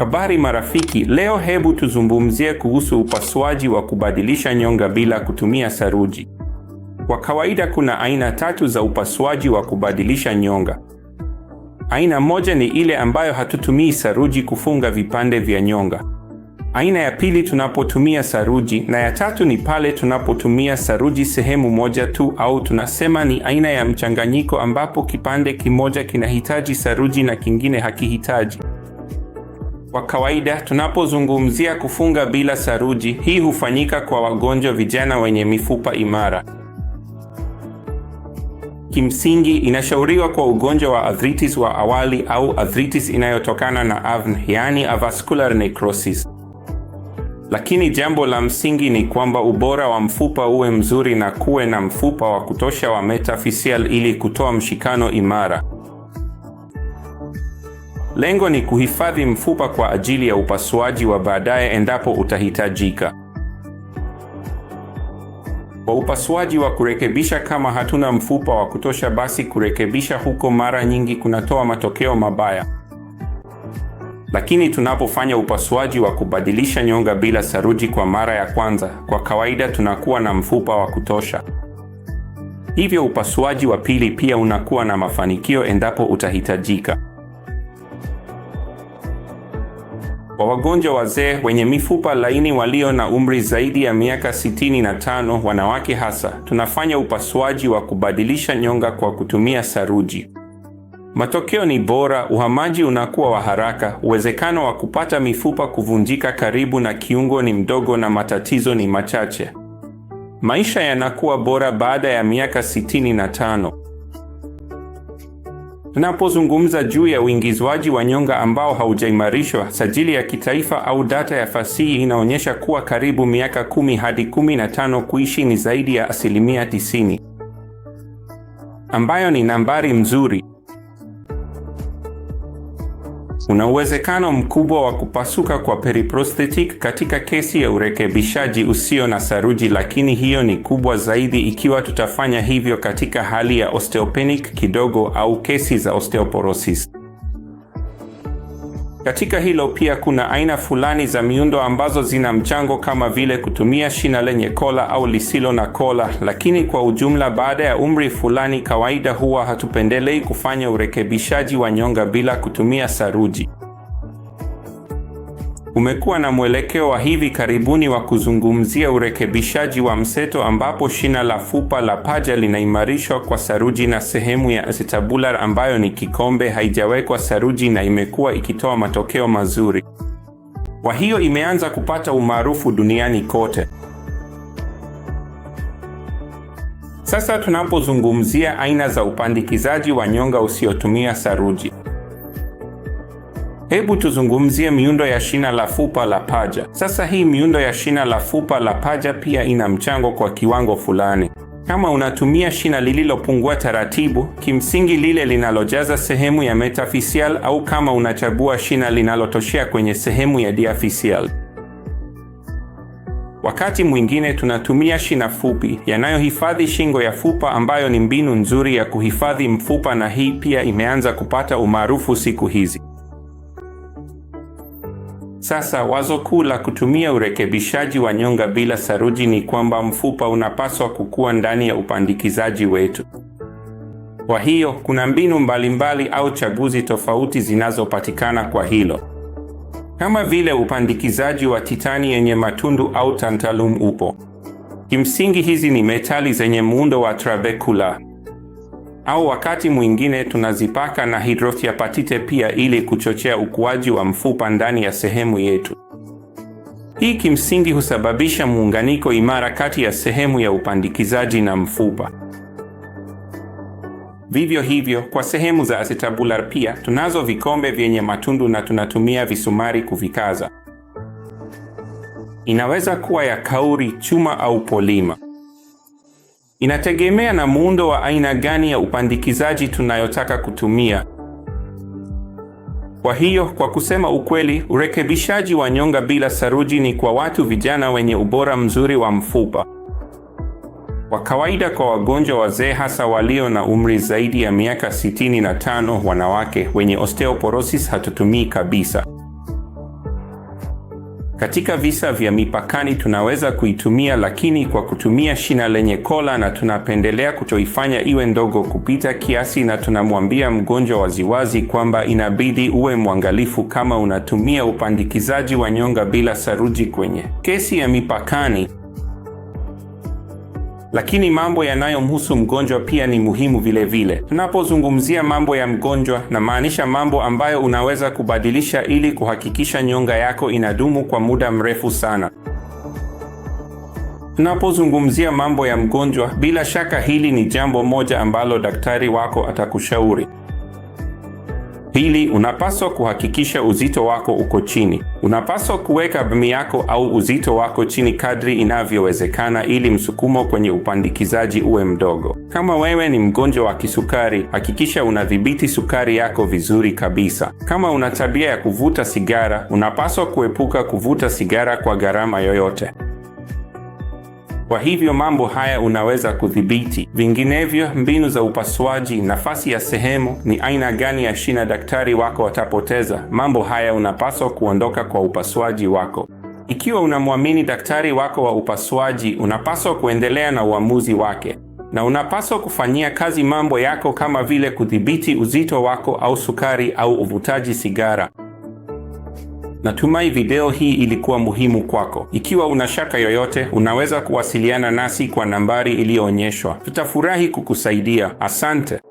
Habari marafiki, leo hebu tuzungumzie kuhusu upasuaji wa kubadilisha nyonga bila kutumia saruji. Kwa kawaida kuna aina tatu za upasuaji wa kubadilisha nyonga. Aina moja ni ile ambayo hatutumii saruji kufunga vipande vya nyonga, aina ya pili tunapotumia saruji, na ya tatu ni pale tunapotumia saruji sehemu moja tu, au tunasema ni aina ya mchanganyiko, ambapo kipande kimoja kinahitaji saruji na kingine hakihitaji. Kwa kawaida tunapozungumzia kufunga bila saruji, hii hufanyika kwa wagonjwa vijana wenye mifupa imara. Kimsingi inashauriwa kwa ugonjwa wa arthritis wa awali au arthritis inayotokana na AVN, yaani avascular necrosis. Lakini jambo la msingi ni kwamba ubora wa mfupa uwe mzuri na kuwe na mfupa wa kutosha wa metaphyseal ili kutoa mshikano imara. Lengo ni kuhifadhi mfupa kwa ajili ya upasuaji wa baadaye endapo utahitajika. Kwa upasuaji wa kurekebisha, kama hatuna mfupa wa kutosha, basi kurekebisha huko mara nyingi kunatoa matokeo mabaya. Lakini tunapofanya upasuaji wa kubadilisha nyonga bila saruji kwa mara ya kwanza, kwa kawaida tunakuwa na mfupa wa kutosha. Hivyo upasuaji wa pili pia unakuwa na mafanikio endapo utahitajika. kwa wagonjwa wazee, wenye mifupa laini, walio na umri zaidi ya miaka 65, wanawake hasa. Tunafanya upasuaji wa kubadilisha nyonga kwa kutumia saruji. Matokeo ni bora, uhamaji unakuwa wa haraka, uwezekano wa kupata mifupa kuvunjika karibu na kiungo ni mdogo, na matatizo ni machache. Maisha yanakuwa bora baada ya miaka 65. Tunapozungumza juu ya uingizwaji wa nyonga ambao haujaimarishwa, sajili ya kitaifa au data ya fasihi inaonyesha kuwa karibu miaka kumi hadi kumi na tano kuishi ni zaidi ya asilimia tisini, ambayo ni nambari mzuri. Kuna uwezekano mkubwa wa kupasuka kwa periprosthetic katika kesi ya urekebishaji usio na saruji, lakini hiyo ni kubwa zaidi ikiwa tutafanya hivyo katika hali ya osteopenic kidogo au kesi za osteoporosis. Katika hilo pia kuna aina fulani za miundo ambazo zina mchango kama vile kutumia shina lenye kola au lisilo na kola, lakini kwa ujumla, baada ya umri fulani, kawaida huwa hatupendelei kufanya urekebishaji wa nyonga bila kutumia saruji umekuwa na mwelekeo wa hivi karibuni wa kuzungumzia urekebishaji wa mseto ambapo shina la fupa la paja linaimarishwa kwa saruji na sehemu ya acetabular ambayo ni kikombe haijawekwa saruji na imekuwa ikitoa matokeo mazuri. Kwa hiyo imeanza kupata umaarufu duniani kote. Sasa tunapozungumzia aina za upandikizaji wa nyonga usiotumia saruji Hebu tuzungumzie miundo ya shina la fupa la paja. Sasa hii miundo ya shina la fupa la paja pia ina mchango kwa kiwango fulani. Kama unatumia shina lililopungua taratibu, kimsingi lile linalojaza sehemu ya metafisial, au kama unachagua shina linalotoshea kwenye sehemu ya diafisial. Wakati mwingine tunatumia shina fupi yanayohifadhi shingo ya fupa, ambayo ni mbinu nzuri ya kuhifadhi mfupa, na hii pia imeanza kupata umaarufu siku hizi. Sasa wazo kuu la kutumia urekebishaji wa nyonga bila saruji ni kwamba mfupa unapaswa kukua ndani ya upandikizaji wetu. Kwa hiyo kuna mbinu mbalimbali au chaguzi tofauti zinazopatikana kwa hilo, kama vile upandikizaji wa titani yenye matundu au tantalum upo. Kimsingi hizi ni metali zenye muundo wa trabecular au wakati mwingine tunazipaka na hydroxyapatite pia ili kuchochea ukuaji wa mfupa ndani ya sehemu yetu. Hii kimsingi husababisha muunganiko imara kati ya sehemu ya upandikizaji na mfupa. Vivyo hivyo, kwa sehemu za acetabular pia tunazo vikombe vyenye matundu na tunatumia visumari kuvikaza. Inaweza kuwa ya kauri, chuma au polima. Inategemea na muundo wa aina gani ya upandikizaji tunayotaka kutumia. Kwa hiyo, kwa kusema ukweli, urekebishaji wa nyonga bila saruji ni kwa watu vijana wenye ubora mzuri wa mfupa. Kwa kawaida kwa wagonjwa wazee hasa walio na umri zaidi ya miaka 65, wanawake wenye osteoporosis hatutumii kabisa. Katika visa vya mipakani tunaweza kuitumia, lakini kwa kutumia shina lenye kola, na tunapendelea kutoifanya iwe ndogo kupita kiasi, na tunamwambia mgonjwa waziwazi kwamba inabidi uwe mwangalifu kama unatumia upandikizaji wa nyonga bila saruji kwenye kesi ya mipakani. Lakini mambo yanayomhusu mgonjwa pia ni muhimu vilevile. Tunapozungumzia mambo ya mgonjwa, namaanisha mambo ambayo unaweza kubadilisha ili kuhakikisha nyonga yako inadumu kwa muda mrefu sana. Tunapozungumzia mambo ya mgonjwa, bila shaka hili ni jambo moja ambalo daktari wako atakushauri. Pili, unapaswa kuhakikisha uzito wako uko chini. Unapaswa kuweka bimi yako au uzito wako chini kadri inavyowezekana ili msukumo kwenye upandikizaji uwe mdogo. Kama wewe ni mgonjwa wa kisukari, hakikisha unadhibiti sukari yako vizuri kabisa. Kama una tabia ya kuvuta sigara, unapaswa kuepuka kuvuta sigara kwa gharama yoyote. Kwa hivyo mambo haya unaweza kudhibiti. Vinginevyo, mbinu za upasuaji, nafasi ya sehemu, ni aina gani ya shina daktari wako atapoteza, mambo haya unapaswa kuondoka kwa upasuaji wako. Ikiwa unamwamini daktari wako wa upasuaji, unapaswa kuendelea na uamuzi wake na unapaswa kufanyia kazi mambo yako kama vile kudhibiti uzito wako au sukari au uvutaji sigara. Natumai video hii ilikuwa muhimu kwako. Ikiwa una shaka yoyote, unaweza kuwasiliana nasi kwa nambari iliyoonyeshwa. Tutafurahi kukusaidia. Asante.